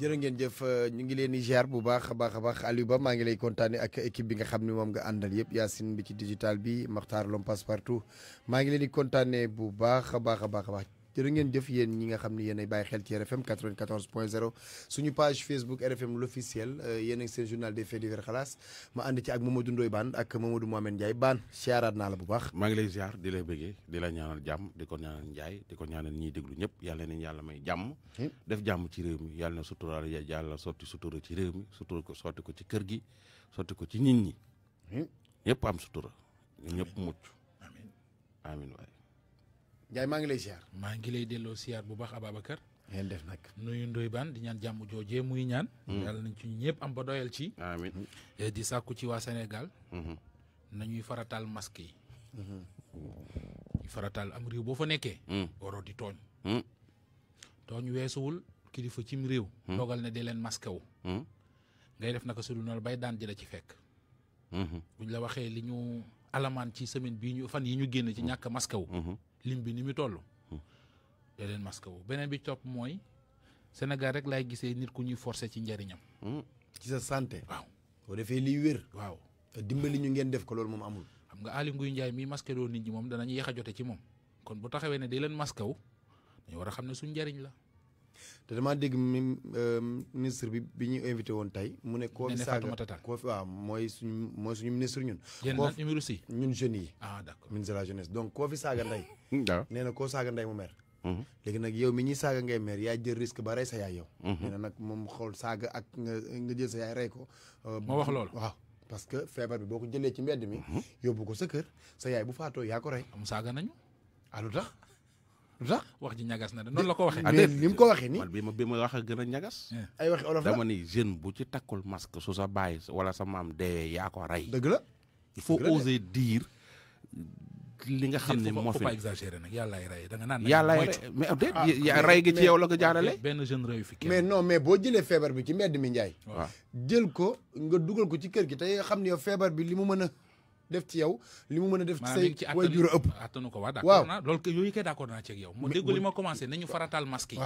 jërë ngeen jëf euh, ñu ngi leen di ziar bu baax a baax a baax Aliou Ba maa ngi lay kontaane ak équipe bi nga xam ne moom nga àndal yëpp Yacine bi ci digital bi Makhtar Lom passe partout maa ngi leen di kontaane bu baax a baax a baax jërë ngeen jëf yeen ñi nga xamni yeen ay bàyyi xel ci RFM 94.0 suñu page Facebook RFM l'officiel euh, yeen ak seen journal des faits divers khalas ma and ci ak Mamadou Ndoy Bane ak Mamadou Mohamed Ndiaye Bane siyaaraat na la bu baax ma ngi lay ziar di lay bëggé di la ñaanal jamm di ko ñaanal Ndiaye di ko ñaanal ñi déglu ñëpp yalla nañ yalla may jamm def jamm ci réew mi yalla na ya yalla sorti sutura ci réew mi sutura ko sorti ko ci kër gi sorti ko ci nit ñi ñëpp am sutura ñëpp mucc Amin, amin waay Ndiaye maa ngi lay ziar. maa ngi lay delloo ziar bu baax Ababacar. ngeen def nag. nuyu Ndoye Bane di ñaan jàmm joojee muy ñaan. Mm. yàlla nañ ci ñëpp am ba doyal ci. Eh, di sàkku ci waa Sénégal. Mm-hmm. nañuy farataal masque yi. ñu mm-hmm. farataal am réew boo fa nekkee. Mm. waroo di tooñ. Mm. tooñ weesuwul kilifa cim réew. dogal na di leen masque ngay def naka su dul noonu bay daan ji ci fekk. Mm-hmm. buñ la waxee li ñu alamaan ci semaine bii ñu fan yi ñu génn ci ñàkk masque lim bi ni muy toll. dee leen masque wu beneen bi topp mooy senegal rek lay gisee nit ku ñuy forcer ci njariñam. Hmm. ci sa santé. waaw boo defee liy wér. waaw dimbali ñu ngeen def ko loolu moom amul. xam nga Aly Ngouille Ndiaye mii masque doon nit ñi moom danañ yéex a jote ci moom kon bu taxawee ne dee leen masque dañu war a xam ne suñ njariñ la. te damaa dégg euh, ministre bi bi ñu invité woon tey mu ne koo fi saaga koo fi waaw mooy suñu mooy suñu ministre ñun ñun jeunes yi ah d'accord ministre de la jeunesse donc koo fi saaga ndey nee na koo saaga ndey mu mer mhm. léegi nag yow mi ñuy saaga ngay mer yaa jël risque ba rey sa yaay yow mhm. nee na nag moom xool saaga ak nga nga jël sa yaay rey ko euh, moo wax loolu waaw parce que feebar bi boo ko jëlee ci mbedd mi mhm. yóbbu ko sa kër sa yaay bu faatoo yaa ko rey am saaga nañu alu ah, tax wax ji ñagas na de noonu la ko waxee. mais ni mu ko waxee nii. man bi ma bi a gën a ñagas. Eh. ay waxi bu ci takkul masque su sa baay wala sa maam deewee yaa ko rey. dëgg la il faut oser dire li nga xam ne moo fi. faut pas nag yàllaay rey da nga naan. yàllaay mais déet ah, rey yow la ko jaarale. benn jeune reyu fi kenn mais mais boo jëlee feebar bi ci mbedd mi Ndiaye. jël ko nga dugal ko ci kër gi te xam ne yow feebar bi li mu mën a. def ci yow li mu mën def ci say way jur ëpp attanu ko wa d'accord na naa loolu yoy ke d'accord na ci ak yow mo deggu li ma commencé nañu faratal masque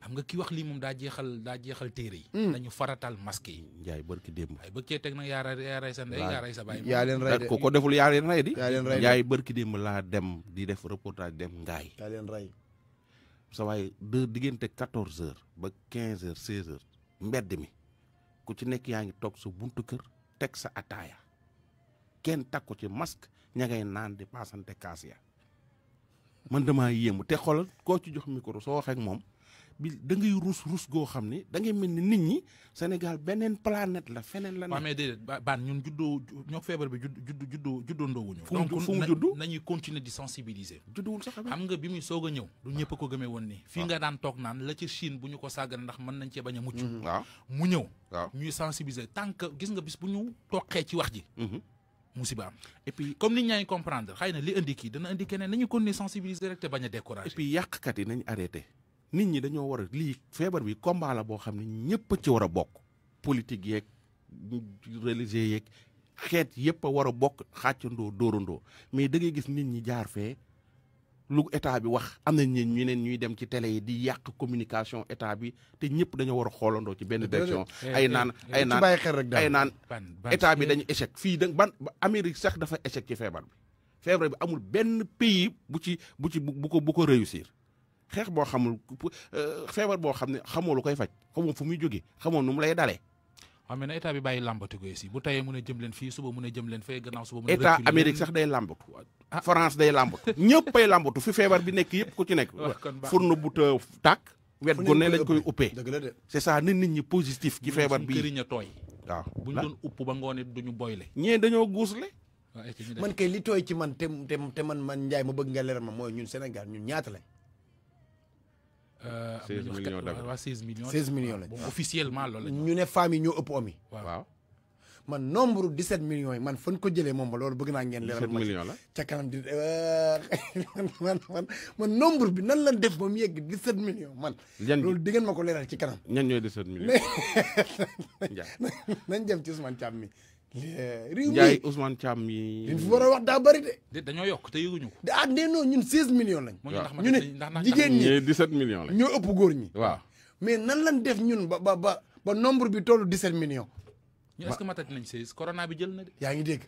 xam nga ki wax li moom da jexal da jexal téré yi hmm. nañu faratal masque yi njaay barki demb ay bëgg tek teg yaara yaa yaa sa ndey yaara rey sa bay yaa leen rey ko ko deful yaara leen ray di yaa barki demb la dem di def reportage dem ngaay yaa len ray sa way de diggante 14h ba 15h 16h mbedd mi ku ci nekk yaangi tok su buntu kër tek sa ataya kenn takku ci masque ña ngay naan di paasante kaas ya man damaa yéemu te xoolal koo ci jox micro soo waxeek moom bi da ngay rus rus goo xam ne da ngay mel ni nit ñi Sénégal beneen planète la feneen la. waaw mais déedéet baan ñun juddoo ñoo feebar bi judd judd juddoo juddoo wuñu. fu mu juddu donc nañuy continuer di sensibiliser. judduwul sax xam nga bi muy soog a ñëw. du ñëpp ko gëmee woon nii. fii nga daan toog naan la ci Chine bu ñu ko sàggan ndax mën nañ cee bañ a mucc. Mm-hmm. waaw mu ñëw. waaw ñuy sensibiliser tant que gis nga bis bu ñu toqee ci wax ji. Mm-hmm. musiba am et comme nit ñaa ngi comprendre xëy na li indi kii dana indi keneen nañu continuer sensibiliser rek te bañ a décourager. et puis yàqkat yi nañ arrêté nit ñi dañoo war a lii feebar bi combat la boo xam ne ñëpp a ci war a bokk. politique yeeg religieux yeeg xeet yëpp a war a bokk xàccandoo dóorandoo mais da gis nit ñi jaar fee. lu état bi wax am nañ ñeen ñeneen ñuy dem ci tele yi di yàq communication état bi te ñëpp dañoo war a xoolandoo ci benn direction eh, eh, eh, ay naan ay naan ay naan état bi dañu échec fii da ban Amérique sax dafa échec ci feebar bi feebar bi amul benn pays bu ci bu ci bu ko bu ko réussir xeex boo xamul euh, feebar boo xam ne xamoo lu koy faj xamoo fu muy jóge xamoo nu mu lay dalee waaw mais na état bi bàyyi làmbatu ko si bu tayee mun a jëm leen fii suba mun a jëm leen fee gannaaw suba. mun a état Amérique sax day làmbatu. Ah. France day làmbatu ñëpp ay làmbatu fi feebar bi nekk yëpp ku ci nekk. furnu bu ta tàkk. wet gu ne lañ koy uppee. dëgg la de c'est ça nit ñi positif. ci feebar bi këriñ a tooy. waaw bu ñu doon upp ba ngoon it duñu le ñee dañoo guusle. man kay li tooy ci man te te man man Ndiaye ma bëgg nga leer ma mooy ñun Sénégal ñun ñaata lañ 16 euh, millions d' waa 16 millions. 16 millions lañ bon officiellement loolu la ñu ne femmes yi ñoo ëpp homme yi. waaw man nombre 17 millions yi man fan ko jëlee moom ba loolu bëgg naa ngeen. leeral ma millions la di man man man nombre bi nan la def ba mu yegg 17 millions man. loolu di ngeen ma ko leeral ci kanam. ñan ñooy 17 millions. nañ jëm ci Ousmane Thiam mi. réew mi Ndiaye Ousmane Thiam yi. li ñu war a wax daa bëri de. dañoo yokk te yëguñu ko. ah nee non ñun 16 million lañ. waaw ñu ne jigéen ñi 17 millions lañ. ñoo ëpp góor ñi. waaw mais nan lañ def ñun ba ba ba ba nombre bi tollu 17 millions. ñu est-ce que matat nañ 16 corona bi jël na de. yaa ngi dégg.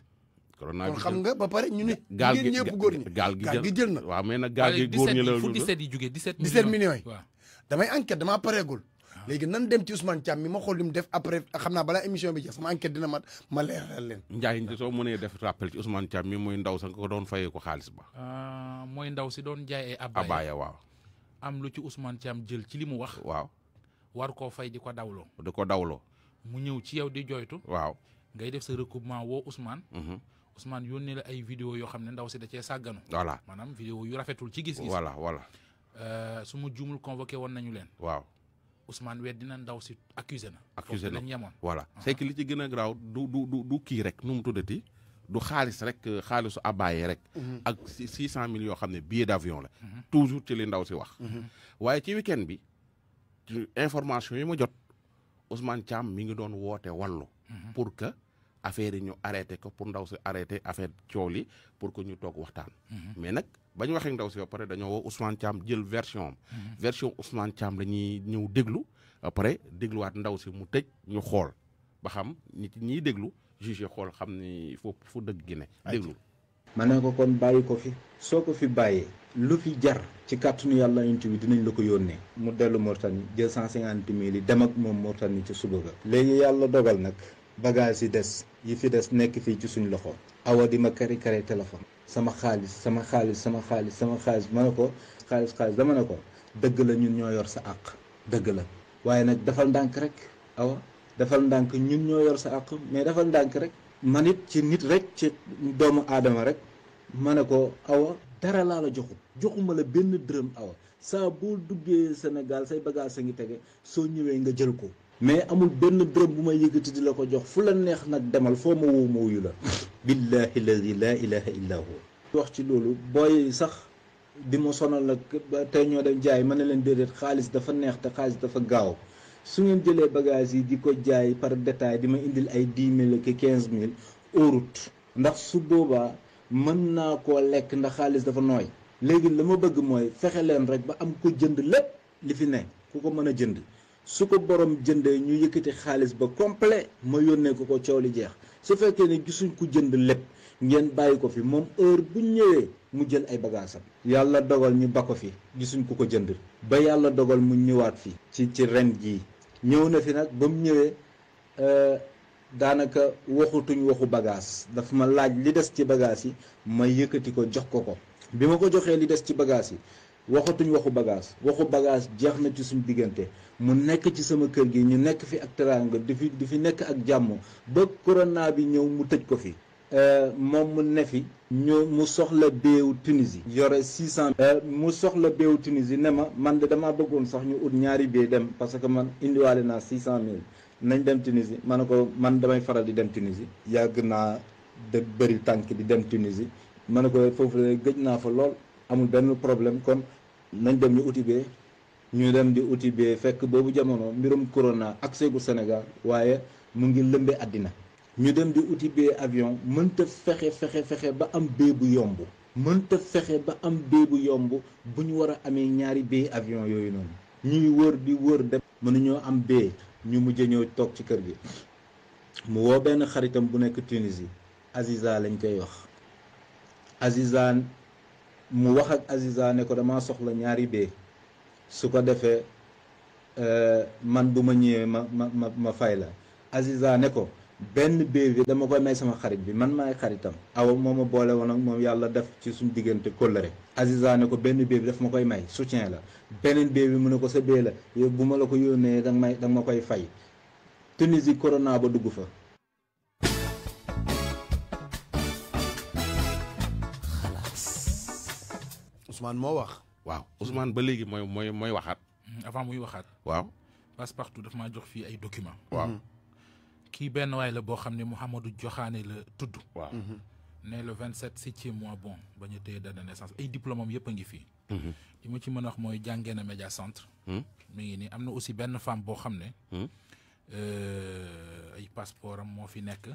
corona bi xam nga ba pare ñu ne. gaal gi ñëpp góor ñi gaal gi jël na. waaw mais nag gaal gi góor ñi la. 17 yi jugee 17 millions 17 millions yi. waaw damay enquête damaa pareegul. léegi nan dem ci Ousmane Thiam mi ma xool li mu def après xam naa balaa émission bi jeex sama enquête dina mat ma leeral leen. Ndiaye soo mënee def rappel ci Ousmane Thiam mi mooy ndaw sa nga ko doon fayee ko xaalis ba. Ah, mooy ndaw si doon jaayee. abaya waaw. am lu ci Ousmane Thiam jël ci li mu wax. waaw war koo fay di ko dawloo. di ko dawloo. mu ñëw ci yow di jooytu. waaw ngay def sa recoupement woo Ousmane. Mhm. Ousmane yónnee la ay vidéo yoo xam ne ndaw si da cee sàgganu. voilà maanaam vidéo yu rafetul ci gis-gis. voilà voilà. Euh, su ma juumul convoqué woon nañu leen. waaw Ousmane weddi na ndaw accusé na. accusé voilà ah. c'est que li ci gëna graw du du du ki rek nu mu du rek euh, abaye rek. Mhm. ak d'avion mhm. toujours ci li ndaw mhm. ci wax. ci week bi information yi jot Ousmane mi pour que. affaire yi ñu arrêté ko pour ndaw si arrêté affaire coow li pour que ñu toog waxtaan. Mhm. mais nag ba ñu waxee ndaw si ba pare dañoo woo Ousmane Thiam jël version am. Mhm. version Ousmane Thiam la ñuy ñëw déglu ba dégluwaat ndaw si mu tëj ñu xool ba xam nit ñiy déglu jugé xool xam ni foofu fu dëgg gi ne déglu. ma ne ko kon bàyyi ko fi soo ko fi bàyyee lu fi jar ci kàttanu yàlla yonent bi dinañ la ko yónnee mu dellu Mauritanie jël cent cinquante mille yi dem ak moom Mauritanie ci suba ga. léegi yàlla dogal nag. bagage yi des yi fi des nekk fii ci suñu loxo awa di ma kari kari téléphone sama xaalis sama xaalis sama xaalis sama xaalis ma ne ko xaalis xaalis dama ne ko dëgg la ñun ñoo yor sa àq dëgg la waaye nag dafal ndànk rek awa defal ndànk ñun ñoo yor sa àq mais dafal ndànk rek man it ci nit rek ci doomu aadama rek ma ne ko awa dara laa la joxu joxuma la benn dërëm awa saa boo duggee senegal say bagage sa ngi tege soo ñëwee nga jël ko mais amul benn dërëm bu may yëkkati di la ko jox fu la neex nag demal foo ma woo ma wuyu la billahi alladi la ilaha illa hu wax ci loolu booy sax di ma sonal nag tey ñoo dem jaay ma ne leen déedéet xaalis dafa neex te xaalis dafa gaaw su ngeen jëlee bagage yi di ko jaay par détail di ma indil ay dix mille ak quinze mille au route ndax su boobaa mën naa koo lekk ndax xaalis dafa nooy léegi la ma bëgg mooy fexe leen rek ba am ko jënd lépp li fi ne ku ko mën a jënd su ko borom jëndee ñu yëkkati xaalis ba complet ma yónnee ko ko coow li jeex su fekkee ne gisuñ ko jënd lépp ngeen bàyyi ko fi moom heure bu ñëwee mu jël ay bagaasam yàlla dogal ñu ba ko fi gisuñ ku ko jënd ba yàlla dogal mu ñëwaat fi ci ci ren jii ñëw na fi nag ba mu ñëwee euh, daanaka waxutuñ waxu bagaas dafa ma laaj li des ci bagage yi ma yëkkati ko jox ko ko bi ma ko joxee li des ci bagaas yi waxatuñu waxu bagage waxu bagage jeex na ci suñu diggante mu nekk ci sama kër gi ñu nekk fi ak teraanga di fi di fi nekk ak jàmm ba corona bi ñëw mu tëj ko fi euh, moom mu ne fi ñu mu soxla béewu Tunisie yore 600 euh, mu soxla béewu Tunisie ne ma man de damaa bëggoon sax ñu ut ñaari bee dem parce que man indiwaale naa 600 mille nañ dem Tunisie ma ne ko man damay faral di dem Tunisie yàgg naa de bëri tànk di dem Tunisie ma ne ko foofu la gëj naa fa lool amul benn problème kon nañ dem ñu uti bee ñu dem di uti b fekk boobu jamono mbirum corona ak seegu senegal waaye mu ngi lëmbe àddina ñu dem di uti bee avion mënta fexe fexe fexe ba am bee bu yomb mënta fexe ba am bee bu yomb bu ñu war a amee ñaari bee avion yooyu noonu ñuy wër di wër dem mënuñoo am bee ñu mujj ñëw toog ci kër gi mu woo benn xaritam bu nekk Tunisie Aziza lañ koy wax mu wax ak Aziza ne ko damaa soxla ñaari bee su ko defee euh, man bu ma ñëwee ma ma ma ma fay la Aziza ne ko benn bee bi dama koy may sama xarit bi man maay xaritam awa moo ma boole woon ak moom yàlla def ci suñ diggante kóllëre Aziza ne ko benn bee bi daf ma koy may soutien la beneen bee bi mu ne ko sa bee la bu ma la ko yónnee danga may danga ma koy fay Tunisie corona ba dugg fa Ousmane moo wax. waaw Ousmane ba léegi mooy mooy mooy waxaat. Mm, avant muy waxaat. waaw. Passepartout daf maa jox fii ay document waaw mm-hmm. kii benn waay la boo xam ne Mouhamadou Joxaane la tudd. waaw mm-hmm. ne le 27 septième mois bon ba ñu téye date de naissance ay diplôme am yëpp a ngi fii. Mm-hmm. li ma ci mën a wax mooy jàngee na média centre. mi ngi nii am na aussi benn femme boo xam ne. Euh, ay passeport am moo fi nekk.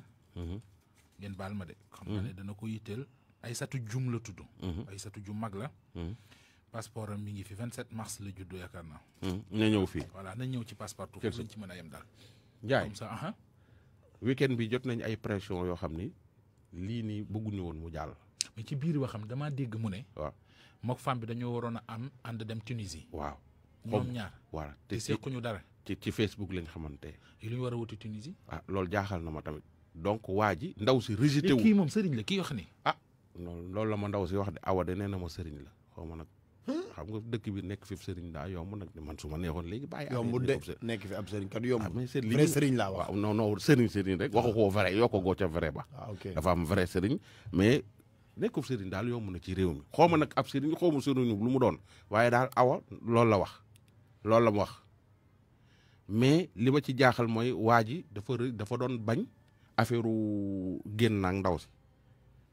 ngeen baal ma de. xam nga ne dana ko yitteel ay satu Jum la tuddu mhm. ay satu Jum mag la. Mhm. passeport am mi ngi fi 27 mars la juddu yaakaar na naa. Mhm. na ñëw fii voilà na ñëw ci passeport tout foofu lañ mën a yem daal. Njaay comme ça. Uh-huh. weekend bi jot nañ ay pression yoo xam ni lii nii bëgguñu woon mu jàll. mais ci biir waxam damaa dégg mu ne. waaw mook femme bi dañoo waroon a am ànd dem Tunisie. waaw moom ñaar. waa te ñu dara. ci ci Facebook lañ xamante. lu ñu war a wuti Tunisie. ah loolu jaaxal na ma tamit. donc waa ji ndaw si rejeté wu. kii moom sëriñ la kii wax ni ah. lool la ma ndaw si wax de awa nee na ma sëriñ la xaw ma nag. xam nga dëkk bi nekk fi sëriñ daa yomb nag man su ma neexoon léegi bàyyi. yombul nekk fi ab sëriñ kat yombul. Ah, vrai sëriñ laa wax non non sëriñ sëriñ rek waxu ko vrai yokk goo ca vrai ba. Ah, dafa am vrai sëriñ mais nekkub sëriñ daal yomb na ci réew mi. xaw ma nag ab sëriñ xaw ma sëriñ lu mu doon waaye daal awa lool la wax loolu la ma wax mais li ma ci jaaxal mooy waa ji dafa dafa doon bañ affaire génn ak ndaw si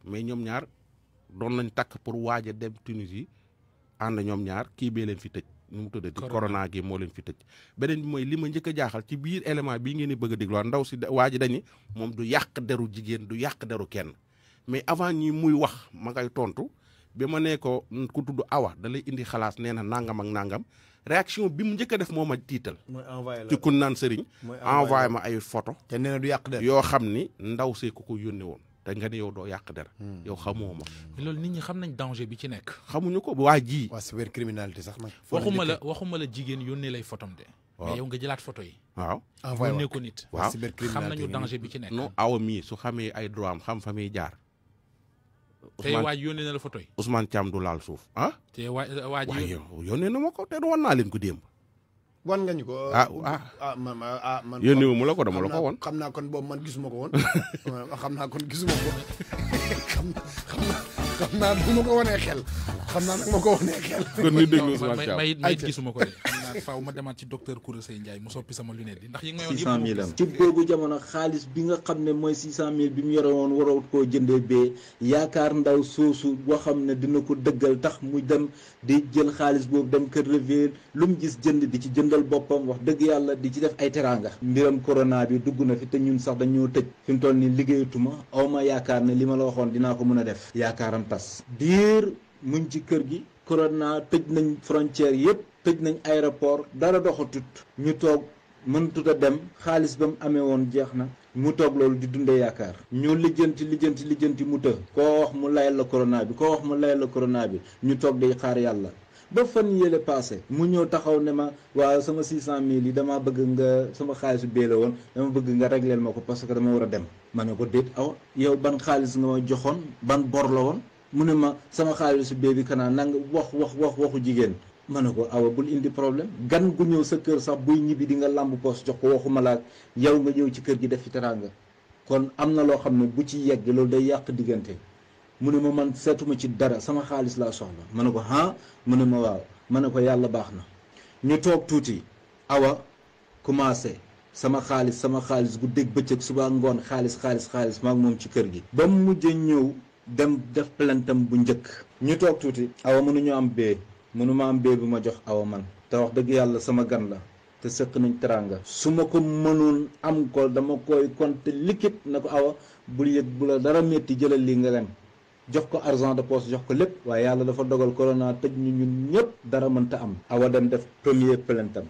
mais doon lañ takk pour waaj a dem Tunisie ànd ñoom ñaar kii bee leen fi tëj nu mu tuddati corona gi moo leen fi tëj beneen mooy li ma njëkk jaaxal ci biir élément bii ngeen di bëgg a ndaw si waa ji dañi moom du yàq deru jigéen du yàq deru kenn mais avant ñi muy wax ma ngay tontu bi ma nee ko ku tudd awa da lay indi xalaas nee na nangam ak nangam réaction bi mu njëkk def moom ma tiital ci kun naan sëriñ envoyé ma ay photo te nee du yàq der yoo xam ni ndaw see ku ko yónne woon te nga ne yow doo yàq der hmm. yow xamoo ma. loolu nit ñi xam nañ danger bi ci nekk. xamuñu ko waa ji. waa cyber criminalité sax nag. waxuma la waxuma la jigéen yónnee lay photom de. mais yow nga jëlaat photo yi. waaw envoyé ko ko nit. waaw xam nañu danger bi ci nekk. non awa mii su xamee ay droit am xam fa jaar. Ousmane tey waaj yónnee na la photo yi. Ousmane Thiam du laal suuf ah. tey waaj waaj yónnee na ma ko te wan naa leen ko démb. wan nga ñu ko. ah ah, ah. ah man ah, ah man. yónni wu mu la ko dama la ko woon. xam naa kon boobu man gisuma ko woon xam naa kon gisuma ko xam naa xam naa bu ma ko wanee xel xam naa nag ma ko wanee xel. kon ñu déglu ko de. xalaat faaw ma demaat ci docteur Kourasey Ndiaye mu soppi sama lunette yi ndax yi nga six cent mille am ci boobu jamono xaalis bi nga xam ne mooy six cent mille bi mu yore woon waroo koo jëndee bee yaakaar ndaw soosu boo xam ne dina ko dëggal tax mu dem di jël xaalis boobu dem kër revier lu mu gis jënd di ci jëndal boppam wax dëgg yàlla di ci def ay teraanga mbiram corona bi dugg na fi te ñun sax dañoo tëj fi mu toll ni liggéeyatuma aw ma yaakaar ne li ma la waxoon dinaa ko mën a def yaakaaram tas diir muñ ci kër gi corona tëj nañ frontière yépp tëj nañ aéroport dara doxatut ñu toog mëntut a dem xaalis ba mu amee woon jeex na mu toog loolu di dundee yaakaar ñu lijjanti lijjanti lijjanti mu të koo wax mu layal la corona bi koo wax mu layal la corona bi ñu toog day xaar yàlla ba fan yële passé mu ñëw taxaw ne ma waaw sama 600000 yi damaa bëgg nga sama xaalisu bee la woon dama bëgg nga régleel ma ko parce que dama war a dem ma ne ko déet aw yow ban xaalis nga ma joxoon ban bor la mu ne ma sama xaalisu bee bi kanaan nanga wax wax wax waxu jigéen ma ne ko awa bul indi problème gan gu ñëw sa kër sax buy ñibbi di nga làmb poos jox ko waxuma laa yow nga ñëw ci kër gi def fi teraanga kon am na loo xam ne bu ci yegg loolu day yàq diggante mu ne ma man seetuma ci dara sama xaalis laa soxla mën ne ko ah mu ne ma waaw ma ne ko yàlla baax na ñu toog tuuti awa commencé sama xaalis sama xaalis bu dégg bëccëg suba ngoon xaalis xaalis xaalis maak moom ci kër gi ba mu mujjee ñëw dem def plaintam bu njëkk ñu toog tuuti awa mënuñu am bee mënuma am bee bu ma jox awa man te wax dëgg yàlla sama gan la te sëq nañ teraanga su ma ko mënoon am ko dama koy compte liquide na ko awa bul yëg bu la dara metti jëlal lii nga lem jox ko argent de poche jox ko lépp waaye yàlla dafa dogal corona tëj ñu ñun ñëpp dara mënta am awa dem def premier plainte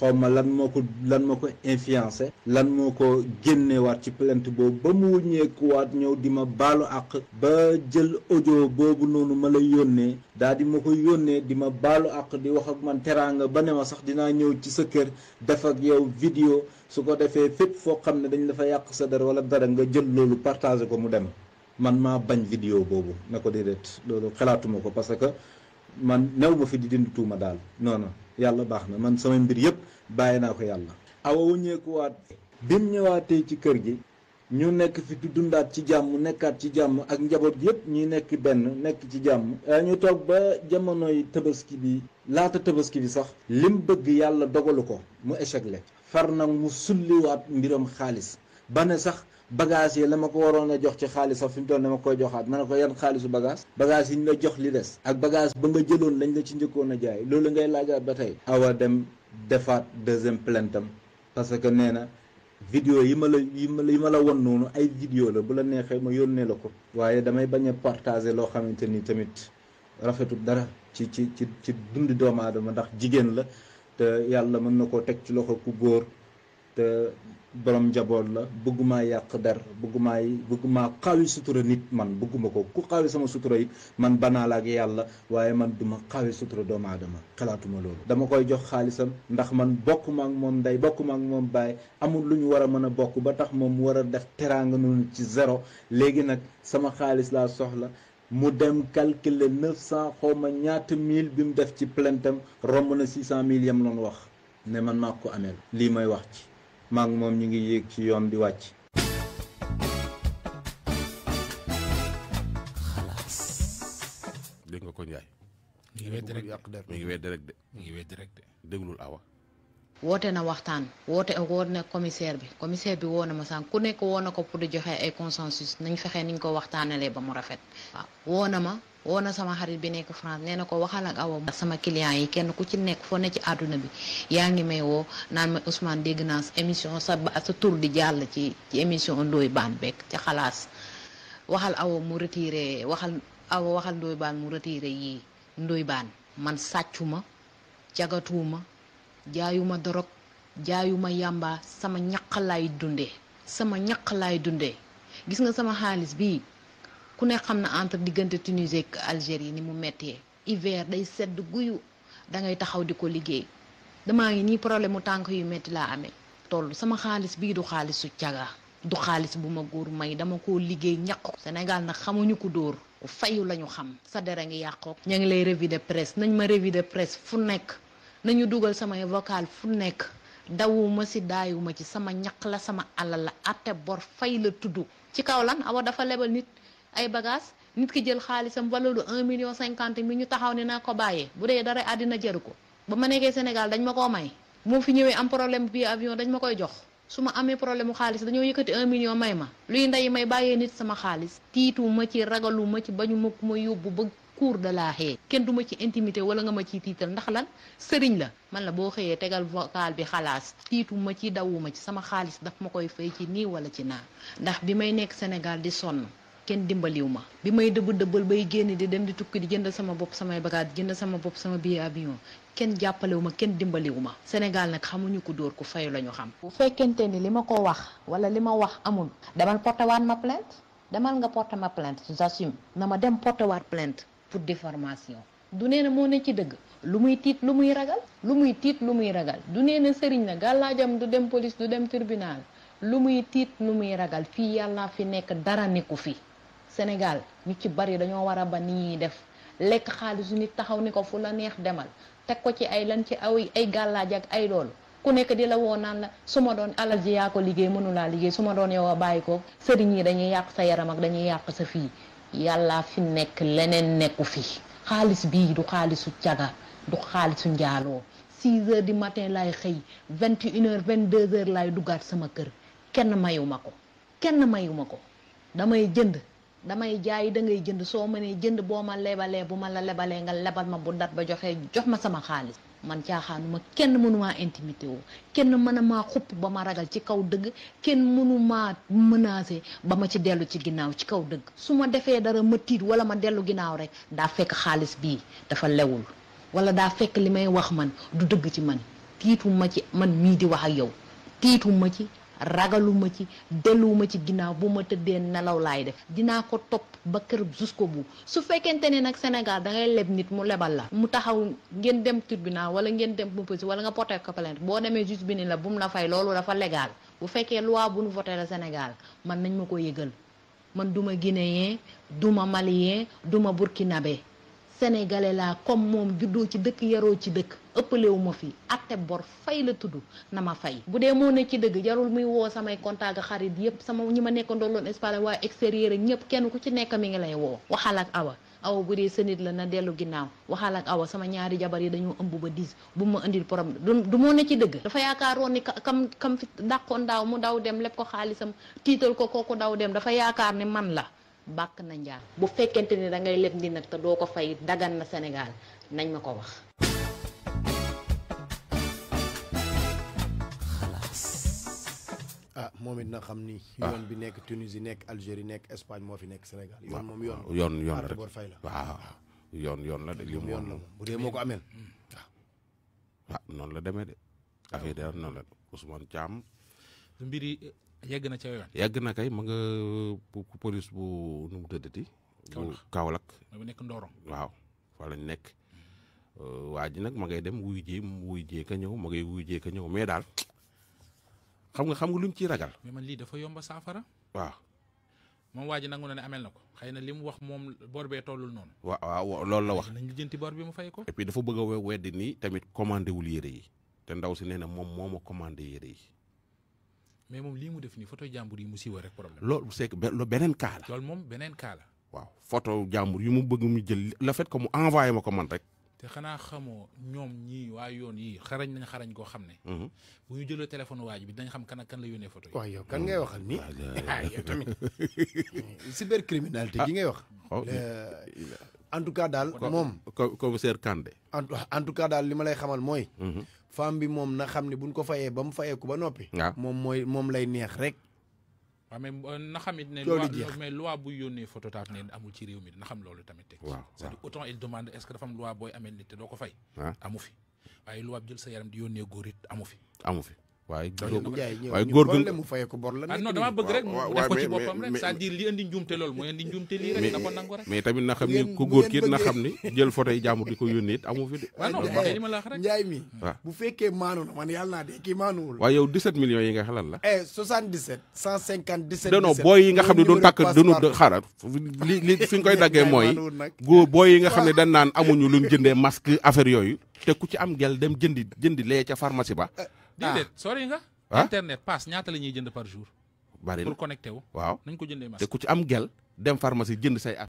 xawma lan moo ko lan moo ko influencé lan moo ko génnewaat ci plainte boobu ba mu ñeekuwaat ñëw di ma baalu àq ba jël audio boobu noonu ma la yónnee daa di ma ko yónnee di ma baalu àq di wax ak man teraanga ba ne ma sax dinaa ñëw ci sa kër def ak yow vidéo su ko defee fépp foo xam ne dañ dafa yàq sa dara wala dara nga jël loolu partagé ko mu dem man maa bañ vidéo boobu na ko déedéet loolu xalaatuma ko parce que man new ma fi di dindi tuuma daal non yàlla baax na man sama mbir yëpp bàyyi naa ko yàlla awa wuññeekuwaat bi mu ñëwaatee ci kër gi ñu nekk fi di dundaat ci jàmm nekkaat ci jàmm ak njaboot yëpp ñuy nekk benn nekk ci jàmm euh, ñu toog ba jamonoy tabaski bi laata tabaski bi sax lim bëgg yàlla dogalu ko mu échec far nag mu sulliwaat mbiram xaalis ba ne sax bagage yi la ma ko waroon a jox ci xaalisam fi mu toll dama koy joxaat ma ne ko yan xaalisu bagage bagage yi ñu la jox li des ak bagage ba nga jëloon lañ la ci njëkkoon a jaay loolu ngay laajaat ba tey awa dem defaat deuxième plainte parce que nee na vidéo yi ma la yi ma ma la won noonu ay vidéo la bu la neexee ma yónnee la ko waaye damay bañ a loo xamante ni tamit rafetul dara ci ci ci ci dundi doomu aadama ndax jigéen la te yàlla mën na koo teg ci loxo ku góor te borom njaboot la bëgguma yàq der bëggumaa bëgguma xaawi sutura nit man bëgguma ko ku xaawi sama sutura it man banaa laa yàlla waaye man duma xaawi sutura doomu aadama xalaatuma loolu dama koy jox xaalisam ndax man bokkuma ak moom ndey bokkuma ak moom baay amul lu ñu war a mën a bokk ba tax moom war a def teraanga noonu ci zéro léegi nag sama xaalis laa soxla mu dem calculer neuf cent xawma ñaata mille bi mu def ci plaintam romb na six cent mille yam loon wax ne man maa ko ameel lii may wax ci maak moom ñu ngi yéeg ci yoon di wàcc xalaas dégg nga ko njaay mi ngi weddi rek de mi ngi weddi rek de mi ngi weddi déglul awa woote na waxtaan woote ak woo na commissaire bi commissaire bi woo na ma sànq ku nekk woo na ko pour di joxe ay consensus nañ fexe niñ ko waxtaanalee ba mu rafet waaw ma woo na sama xarit bi nekk France nee na ko waxal ak awa sama client yi kenn ku ci nekk foo ne ci àdduna bi yaa ngi may woo naan ma Ousmane dégg naa sa émission sa ba sa tur di jàll ci ci émission Ndoye Bane beeg ca xalaas waxal awa mu retiré waxal awa waxal Ndoye Bane mu retiré yii Ndoye Bane man sàccuma jagatuuma jaayuma dorog jaayuma yàmba sama ñaq laay sama ñaq laay dundee gis nga sama xaalis bii ku ne xam na entre diggante Tunisie ak Algérie ni mu méttee hiver day sedd guyu da ngay taxaw di ko liggéey damaa ngi nii problème mu tànk yu métti laa amee toll sama xaalis bii du xaalis xaalisu caga du xaalis bu ma góor may dama koo liggéey ñaq Sénégal nag xamuñu ko dóor ku fayu la ñu xam sa dara ngi yàqook ña ngi lay revue de presse nañ ma revue de presse fu nekk nañu dugal samay vocal fu nekk dawuma si daayuma ci sama ñaq la sama alal la atte bor fay la tudd ay bagages nit ki jël xaalisam valeuru un million cinquante mi ñu taxaw ne naa ko bàyyee bu dee dara àddina jaru ko ba ma nekkee Sénégal dañ ma ko may moo fi ñëwee am problème bi avion dañ ma koy jox su ma amee problème mu xaalis dañoo yëkkati un may ma luy ndey may bàyyee sama xaalis tiitu ma ci ragalu ci bañu ma ku ma yóbbu ba cour de kenn du ma ci intimité wala nga ma ciy tiital ndax lan sëriñ la man la boo xëyee tegal vocal bi xalaas tiitu ci dawuma ci sama xaalis daf ma koy fay ci nii wala ci naa ndax bi may nekk Sénégal di sonn kenn dimbaliw ma bi may dëbb dëbbal bay génn di dem di tukki di jënd sama bopp samay bagaat jënd sama bopp sama billet avion kenn jàppalewu ma kenn dimbaliwu ma Sénégal nag xamuñu ko dóor ku fayu la ñu xam bu fekkente ni li ma ko wax wala li ma wax amul demal portewaat ma plainte demal nga porte ma plainte j'assume na ma dem portewaat plainte pour déformation du nee na moo ne ci dëgg lu muy tiit lu muy ragal lu muy tiit lu muy ragal du nee na sëriñ na gàllaajam dem police du dem tribunal lu muy tiit lu muy ragal fii yàlla fi nekk dara nekku fi Sénégal ñu ci bari dañoo war a ba ni ñuy def lekk xaalisu nit taxaw ni ko fu la neex demal teg ko ci ay lan ci aw ay gàllaaj ak ay loolu ku nekk di la woo naan la su ma doon alal ji yaa ko liggéey mënulaa liggéey su ma doon yow a bàyyi ko sëriñ yi dañuy yàq sa yaram ak dañuy yàq sa fii yàllaa fi nekk leneen nekku fii xaalis bii du xaalisu caga du xaalisu njaaloo 6 heures di matin lay xëy vingt 21 vingt 22 heures laay duggaat sama kër kenn mayu ma mayu ma ko damay jënd damay jaay da ngay jënd soo mënee jënd boo ma lebalee bu ma la lebalee nga lebal ma bu dat ba joxee jox ma sama xaalis man caaxaanuma kenn mënumaa intimité wu kenn mën a maa xupp ba ma ragal ci kaw dëgg kenn mënumaa mënaase ba ma ci dellu ci ginnaaw ci kaw dëgg su ma defee dara ma tiit wala ma dellu ginnaaw rek daa fekk xaalis bii dafa lewul wala daa fekk li may wax man du dëgg ci man tiitu ma ci man mii di wax ak yow tiitu ci ragaluma ci delluwuma ci ginnaaw bu ma tëddee nelaw laay def dinaa ko topp ba kër ko bout su fekkente ne nag Sénégal dangay leb nit mu lebal la mu taxaw ngeen dem tribunal wala ngeen dem opposition wala nga porté ko plainte boo demee juste bi ni la bu na la fay loolu dafa légal bu fekkee loi bu nu voté la Sénégal man nañ ma ko yëgal man duma guinéen duma malien duma burkinabé sénégalais laa comme moom juddoo ci dëkk yaroo ci dëkk ëppalewu ma fi atte bor fay la tudd na ma fay bu dee moo ne ci dëgg jarul muy woo samay contact xarit yépp sama ñi ma nekkandoo loon espace waa extérieur ak ñëpp kenn ku ci nekk mi ngi lay woo waxal ak awa awa bu dee sënit la na dellu ginnaaw waxal ak awa sama ñaari jabar yi dañoo ëmb ba diis bu ma indil problème du du moo ne ci dëgg dafa yaakaaroon ni kam kam fi dàqoon daaw mu daw dem leb ko xaalisam tiital ko kooku daw dem dafa yaakaar ne man la bak na njaa bu fekente ni da ngay lepp ni nak te doo ko fay dagan na senegal nañ mako wax ah momit na xamni ah. yoon bi nek tunisie nek algerie nek espagne mo fi nek senegal yoon mom yoon yoon yoon rek fay la waaw yoon yoon la de li yoon bu de moko amel waaw hmm. ah. ah, non la demee de affaire non la Ousmane cham mbiri yegg na ca yoon. yegg na kay ma nga police bu nu mu tëddati. bu Kaolack bu nekk Ndorong. waaw fa lañ nekk. Euh, waa ji nag ma ngay dem wuy jee wuy jee ka ñëw ma ngay wuy jee a ñëw mais daal xam nga xam nga luñ ciy ragal. ma man lii dafa yomba saafara. waaw. moom waa nag nangu na ne amel na ko xëy na li mu wax moom bor bee tollul noonu. waaw waaw loolu la wax. nañ jënti bor bi mu fay ko. et dafa bëgg a weddi nii tamit commandé wul yére yi te ndaw si nee na moom moo ma commandé yére yi. mais moom lii mu def nii photo jàmbur yi mu siiwee rek problème. loolu c'est que beneen cas la. loolu moom beneen cas la. waaw photo jàmbur yi mu bëgg mu jël le fait que mu envoyé ma ko man rek. te xanaa xamoo ñoom ñii waa yoon yii xarañ nañ xarañ koo xam ne. Mhm. bu ñu jëloo téléphone waaj bi dañ xam kan ak kan la yónnee photo yi. waaw yow kan ngay waxal nii ah, yow tamit cybercriminalité gi ngay wax. Ah, en tout cas daal moom. commissaire Kandé. en tout cas daal li ma lay xamal mooy. Mhm. femme bi moom na xam ne buñ ko fayee ba mu fayeeku ba noppi. waaw moom mooy moom lay neex rek. waaw mais euh, na xam it ne. loi mais loi buy yónnee photo taat ne amul ci réew mi na xam loolu tamit. waaw waaw c'est-à-dire autant il demande est-ce que dafa am loi booy amee nit te doo ko fay. Ah. amu fi waaye loi bi jël sa yaram di yónnee góor it amu fi. amu fi. waaye waaye góor gu mu fayee ko bor la ah non dama bëgg rek mu def ko ci boppam rek cest ko nangu rek tamit na xam ni ku góor ki na xam ni jël photo yi ah, ma la wax njaay mi ah. bu fekkee maanu na man yàlla naa dee kii maanuwul waaye yow 17 millions yi nga xelal la eh 77 157 non non booy xam ne du koy daggee mooy góor booy yi nga xam ne ah. dañ naan amuñu luñ jëndee masque affaire yooyu te ku ci am gel dem jëndi jëndi lee ca pharmacie ba eh. déedéet ah. sori nga. Ah? internet pass ñaata la ñuy jënd par jour. bari na pour wu. waaw nañ ko jëndee masque te ku ci am gel dem pharmacie jënd say at.